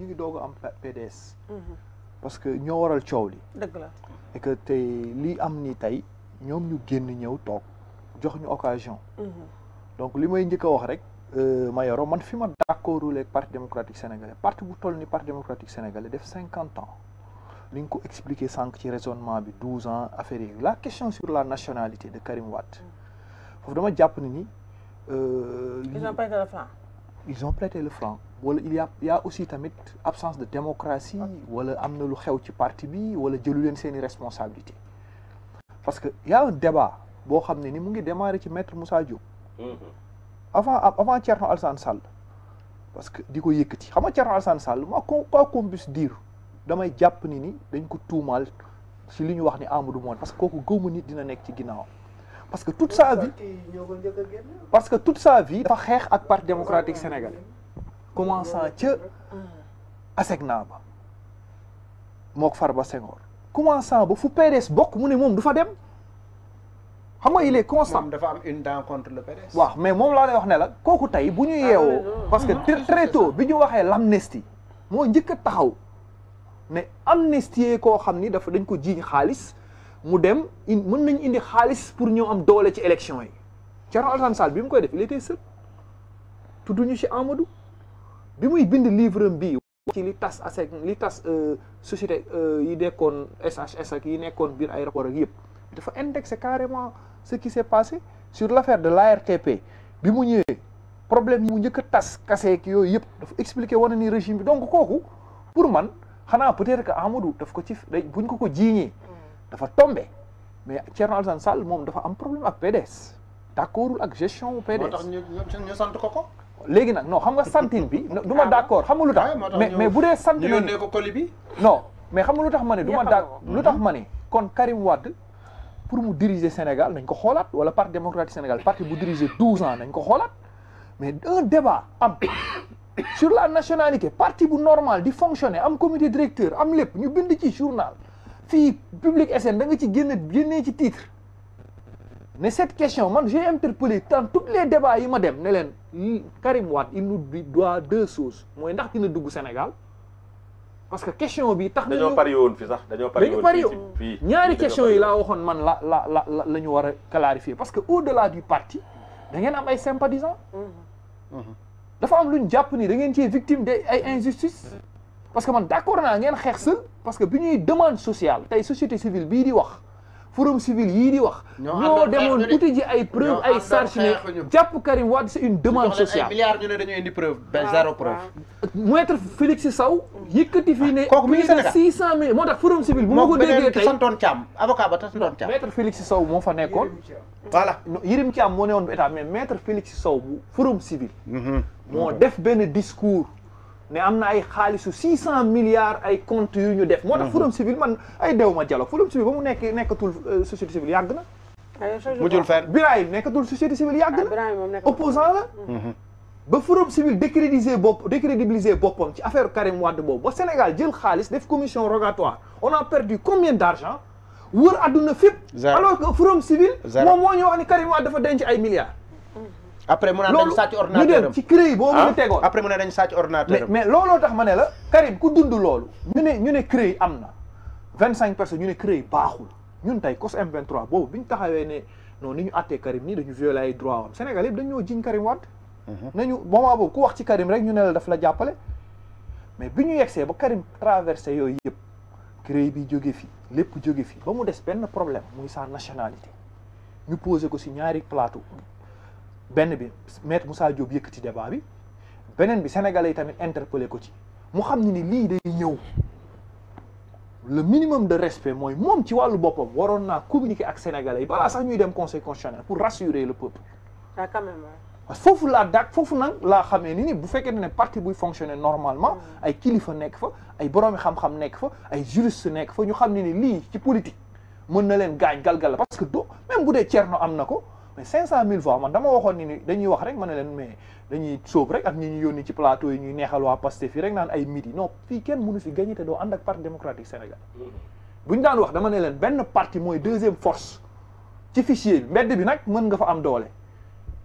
ñi ngi am PDS. Mhm. parce que ñoo waral coow li. dëgg la et que tey li am ni tey ñoom ñu génn ñëw toog jox ñu occasion. Mhm. donc li may njëkk a wax rek. Euh, Mayoro man fi ma d'accordul ak parti démocratique sénégalais parti bu toll ni parti démocratique sénégalais def 50 ans li nga ko expliqué sànq ci raisonnement bi 12 ans affaire yi la question sur la nationalité de Karim Watt. Mhm. foofu dama jàpp ni ni. Euh, ils ont prêté le franc. ils ont prêté le franc. wala il y a aussi tamit absence de démocratie wala am na lu xew ci parti bi wala jëlu leen seeni responsabilité parce que y a débat boo xam ne ni mu ngi démarré ci maître Moussa Diop mhm. avant avant Thierno Alassane Sall parce que di ko yëkkati xam nga Thierno Alassane Sall ma quoi qu'on puisse damay jàpp ni ni dañ ko tuumaal ci li ñu wax ni Amadou moon parce que kooku gëwma nit dina nekk ci ginnaawam parce que toute sa vie parce que tout sa vie dafa xeex ak parti démocratique sénégal commençant ca ah. ASECNA ba mook Farba Senghor commençant ba fu PDS bokk mu ne moom du fa dem xam nga il est constant dafa le PDS waaw mais moom laa lay wax ne la kooku tey bu ñu yeewoo ah, parce que très tôt bi ñu waxee l'amnistie moo njëkk a taxaw ne amnistie koo xam ni dafa dañ ko jiiñ xaalis mu dem mën nañ indi xaalis pour ñu am doole ci élection yi Thierno Alassane Sall bi mu koy def il tu seul tudduñu ci Amadou bi muy bind livre am bii ci li tas asek li tas euh, société euh, yi nekkoon SHS ak yi nekkoon biir ay rapport ak yëpp dafa indexé carrément ce qui s'est passé sur l'affaire de l'ARTP bi mu ñëwee problème yi mu njëkk a tas kaseek yooyu yëpp dafa expliqué wane nii régime bi donc kooku pour man xanaa peut-être que Amadou daf ko ci buñ ko ko jiiñee dafa tombe mais Thierno Alassane moom dafa am problème ak PDS d'accordul ak gestion PDS moo tax sant ko ko léegi nag non xam nga santine bi du ma d' accord xam nga lu tax mais mais bu dee santine ñu ne ko colis mais xam nga lu tax ma ne du ma d' accord tax ma ne kon Karim Wade pour mu diriger Sénégal nañ ko xoolaat wala parti démocratique Sénégal parti bu diriger douze ans nañ ko xoolaat mais un débat am sur la nationalité parti bu normal di fonctionner am comité directeur am lépp ñu bind ci journal fii Public SN da nga ci génne génnee ci titre Mais cette question, moi j'ai interpellé dans tous les débats, madame m'a hmm, Karim Ouad, il nous doit deux choses. Moi, il est au Sénégal. Parce que la question bi tax dañu pari won fi sax question yi la waxone man la la la clarifier parce que au-delà du parti da y am ay sympathisants mm-hmm. dafa am luñ japp ni da ngeen ci victime des ay injustices parce que man d'accord na ngeen xex seul parce que a une demande sociale tay société civile bi di forum civil yii di wax. ñoo demoon uti ji ay preuve ay charge ne jàpp Karim Wade c'est une demande sociale. milliards ñu ne dañoo indi preuve ba zéro preuve. maître Félix Sow yëkkati fii ne. kooku mi ngi Sénégal cent mille moo tax forum civil. bu ma ko déggee tey santoon Thiam avocat ba santoon Thiam. maître Félix Sow moo fa nekkoon. voilà Yirim Thiam moo newoon bu état mais maître Félix Sow bu forum civil. Mhm. moo def benn discours. ne amna ay xaalisu 600 milliards ay compte yu ñu def. motax mhm. forum civil man ay dewuma dialogue forum civil ba mu nekk nekkatul euh, société civile yàgg na. mujjul fenn Birahim nekkatul société civile yàgg na. Ah, opposant la. Mhm. ba forum civil décrédibiliser bop décrédibiliser boppam ci affaire Karim Wade Bob. ba Sénégal jël Khalis, def commission rogatoire on a perdu combien d'argent argent aduna fep alors que forum civil. mom mo ñu wax ni Karim Wade dafa denc ay milliards. Mhm. après mu naan dañ sàcc ordinateur am ci créé boobu ñu ah? après mu ne dañ sàcc ordinateur mais looloo tax ma ne la Karim ku dund loolu ñu ne ñu ne créé am na vingt cinq personnes ñu ne créé baaxul ñun tey COS M23 boobu bi ñu taxawee ne non ni ñu attee Karim ni dañu violé ay droit am Sénégal yëpp dañoo jiñ Karim Wade mhm. nañu moment boobu ku wax ci Karim rek ñu ne la daf la jàppale mais bi ñu yegsee ba Karim traversé yooyu yëpp créé bi jóge fi lépp jóge fi ba mu des benn problème muy sa nationalité ñu posé ko si ñaari plateau ben bi maître Moussa Diop yëkëti débat bi benen bi sénégalais tamit interpellé ko ci mu xam ni li day ñëw le minimum de respect moy mom ci walu bopam waron na communiquer ak sénégalais bala sax ñuy dem conseil constitutionnel pour rassurer le peuple. ça ah, quand même parce la foofu fofu nak la xamé ni ni bu fekké né parti buy fonctionner normalement mm. ay kilifa nekk fa ay borom xam-xam nekk fa ay juriste nekk fa ñu xam ni li ci politique mën na leen gaañ gal la parce que do même bu dé tierno am nako mais 500000 fois man dama waxoon ni dañuy wax rek ma ne leen mais dañuy sóob rek ak ñi ñu yónni ci plateau yi ñuy neexal waa Pastef yi rek naan ay midi non fii kenn mënu fi gagné te doo ànd ak parti démocratique Sénégal mm-hmm. bu ñu daan wax dama ne leen benn parti mooy deuxième force ci fichier bi mbedd bi nag mën nga fa am doole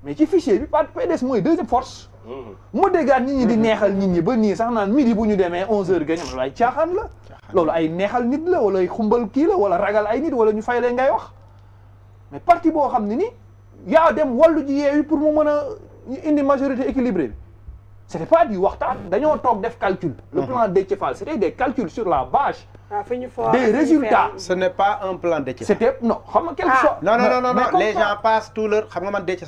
mais ci fichier bi parti PDS mooy deuxième force. Mm-hmm. mu déggaat nit ñi di mm-hmm. neexal nit ñi ba nii sax naan midi bu ñu demee 11h gagné loolu ay loolu ay neexal nit la wala ay xumbal kii wala ragal ay nit wala ñu fay leen ngay wax mais parti boo xam ne ni. y a wallu ji pour le moment, une majorité équilibrée Ce n'était pas du D'ailleurs, on toog def calcul. le mhm. plan de c'était des calculs sur la base. Ah, des résultats. ce n'est pas un plan de c'était non quelque ah. non non non non les gens passent tout leur xam nga man Déthié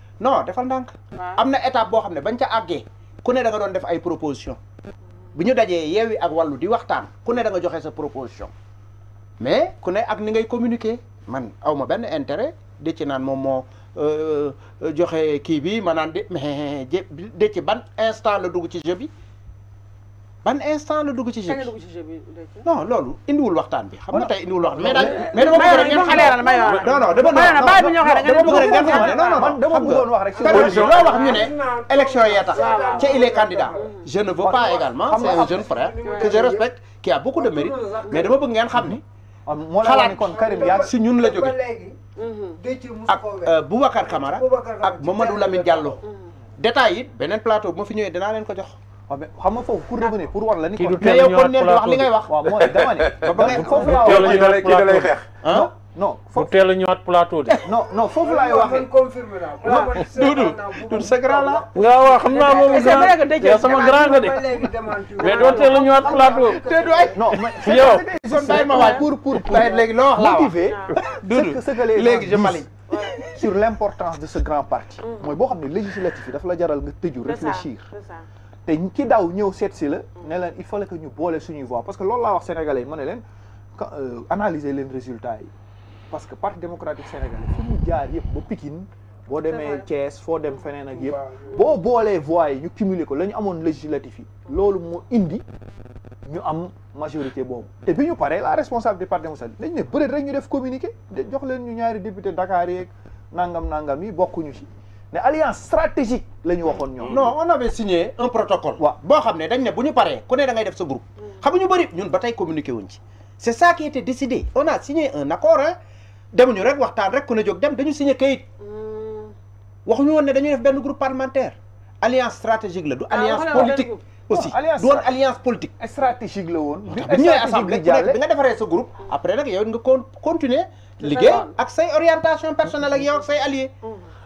non defal ndànk. am na état boo xam ne bañ ca àggee ku ne da doon def ay proposition bu ñu dajee yi ak wàllu di waxtaan ku ne da nga joxe sa proposition mais ku ne ak ni ngay communiquer man aw ma benn intérêt di ci naan moom moo joxe kii bi ma naan de mais de ci ban instant la dugg ci jeu bi. ban instant la dugg ci jeu bi non loolu indiwul waxtaan bi xam nga tey indiwul waxtaan mais mais dama bëgg rek ngeen xale ma yor non non dama non baay bi ñoo xam dama bëgg a ni ah, kon Karim ñun la jóge ak euh, Boubacar Camara ak Mamadou Lamine Diallo mm. détails beneen plateau bu ma fi ñëwee dinaa leen ko jox xam nga foofu pour revenir pour wax la ni. kii du teel a lay xeex. non non foofu a ñëwaat plateau de. non non foofu laay waxee. Doudou sa grand la. waaw waaw xam naa moom grand yow sama grand nga de. mais doo teel a ñëwaat plateau. te du ay non mais. yow pour pour pour léegi loo wax laa wax. Doudou ce léegi je maligne. sur l' importance de ce grand parti. Mm. mooy boo xam ne législatif yi daf la jaral nga tëju réfléchir te ki daw ñëw seet si la ne leen il fallait que ñu boole suñuy voix parce que loolu laa wax sénégalais yi ma ne leen euh, analyser leen résultat yi parce que parti démocratique sénégalais fu mu jaar yëpp ba Pikine boo demee Thiès foo dem feneen ak yëpp boo boolee voix yi ñu cumuler ko la ñu amoon législatif yi loolu moo indi ñu am majorité boobu te bi ñu paree la responsable du parti démocratique dañ ne bëreet rek ñu def communiqué jox leen ñu ñaari député Dakar nangam nangam yi bokkuñu ci ne alliance stratégique la ñu waxoon non on avait signé un protocole. bo xamné dañ né buñu paré ku né da ngay def sa groupe. xam bari ñun batay communiquer wuñ ci. c'est ça qui était décidé on a signé un accord hein demuñu rek waxtaan rek ku né jog dem dañu signé kayit. Hmm. waxuñu won né dañu def ben groupe parlementaire. alliance stratégique la du ah, alliance politique. aussi du alliance politique. stratégique la won bi ñëwee assemblée bi nga defaree sa groupe. après nak yow nga continuer liggéey ak say orientation personnelle ak yow ak say alliés. Hmm.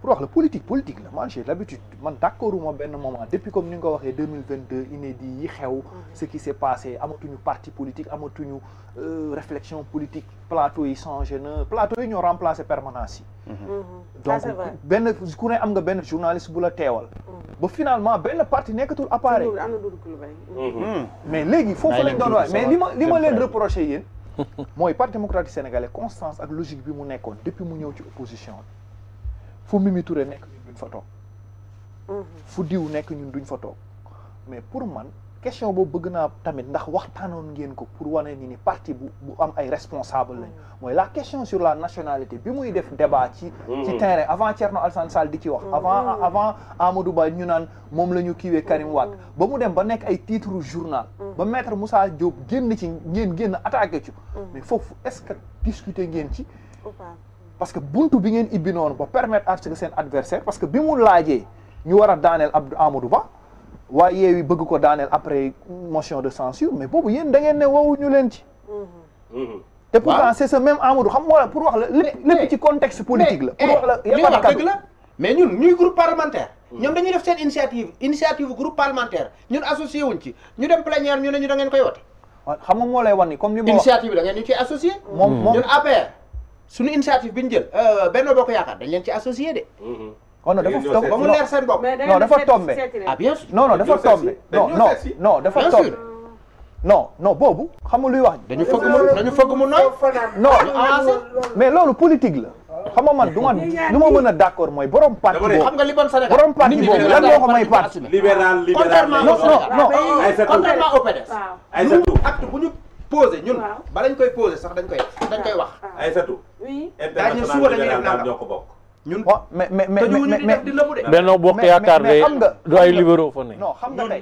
Pourquoi la politique politique la manger j'ai l'habitude man d'accord uma un moment depuis comme ni nga ko 2022 inédit yi xew mm-hmm. ce qui s'est passé amatuñu parti politique amatuñu euh, réflexion politique plateau yi changé plateau yi ont remplacé permanence yi mm-hmm. Mm-hmm. donc ah, benn ku ne am nga ben journaliste bu la teewal ba finalement le parti tout apparaître hmm. mais léegi mais lañ doon waaye mais li moi li ma leen reprocher yéen parti démocratique sénégalais constance ak logique bi mu école depuis mu ñëw ci opposition fu Mimi Touré nekk ñun duñ fa toog. Mhm. fu diw nekk ñun duñ fa toog mais pour man question boobu bëgg naa tamit ndax waxtaanoon ngeen ko pour wane ni ni parti bu bu am ay responsable lañ mhm. mooy la question sur la nationalité bi muy def débat ci. Mhm. ci terrain avant Thierno Alassane Sall di ci wax. avant avant Amadou Ba ñu naan moom la ñu kiiwee Karim Wade ba mu dem ba nekk ay titre journal. ba maître Moussa Diop génn ci ngeen génn attaqué ci. mais foofu est-ce que discuter ngeen ci. parce que buntu bi ngeen ibbi noonu ba permettre à que seen adversaire parce que bi mu laajee ñu war a daaneel Abdou Amadou Ba waa Yewwi bëgg ko daaneel après motion de censure mais boobu yéen da ngeen ne wowuñu leen ci. Mm-hmm. te pourtant c'est ce même Amadou xam nga pour wax la lépp ci contexte politique la. pour eh, mais ñun ñuy groupe parlementaire. Mm. ñoom dañuy def seen initiative initiative group parlementaire ñun associé wuñ ci ñu dem plénière ñu ne ñu da ngeen koy wote. xam moo lay wan ni comme li ma. initiative da ngeen ñu ciy associé. sunu initiative bi ñu jël euh, Benno Bokk Yaakaar dañ leen ci associé de. Mm-hmm. oh non dafa tombé ba mu leer seen bopp. non dafa tombé ah bien boobu. xam nga luy wax dañu fëgg mu dañu fëgg mu nooy. non mais loolu politique la. xam nga man du ma mën a d' mooy borom parti boobu xam nga may parti. posé ñun. balañ koy posé sax dañ koy dañ koy wax. ay satu. oui international bi nga naan ñun mais mais mais mais mais mais mais mais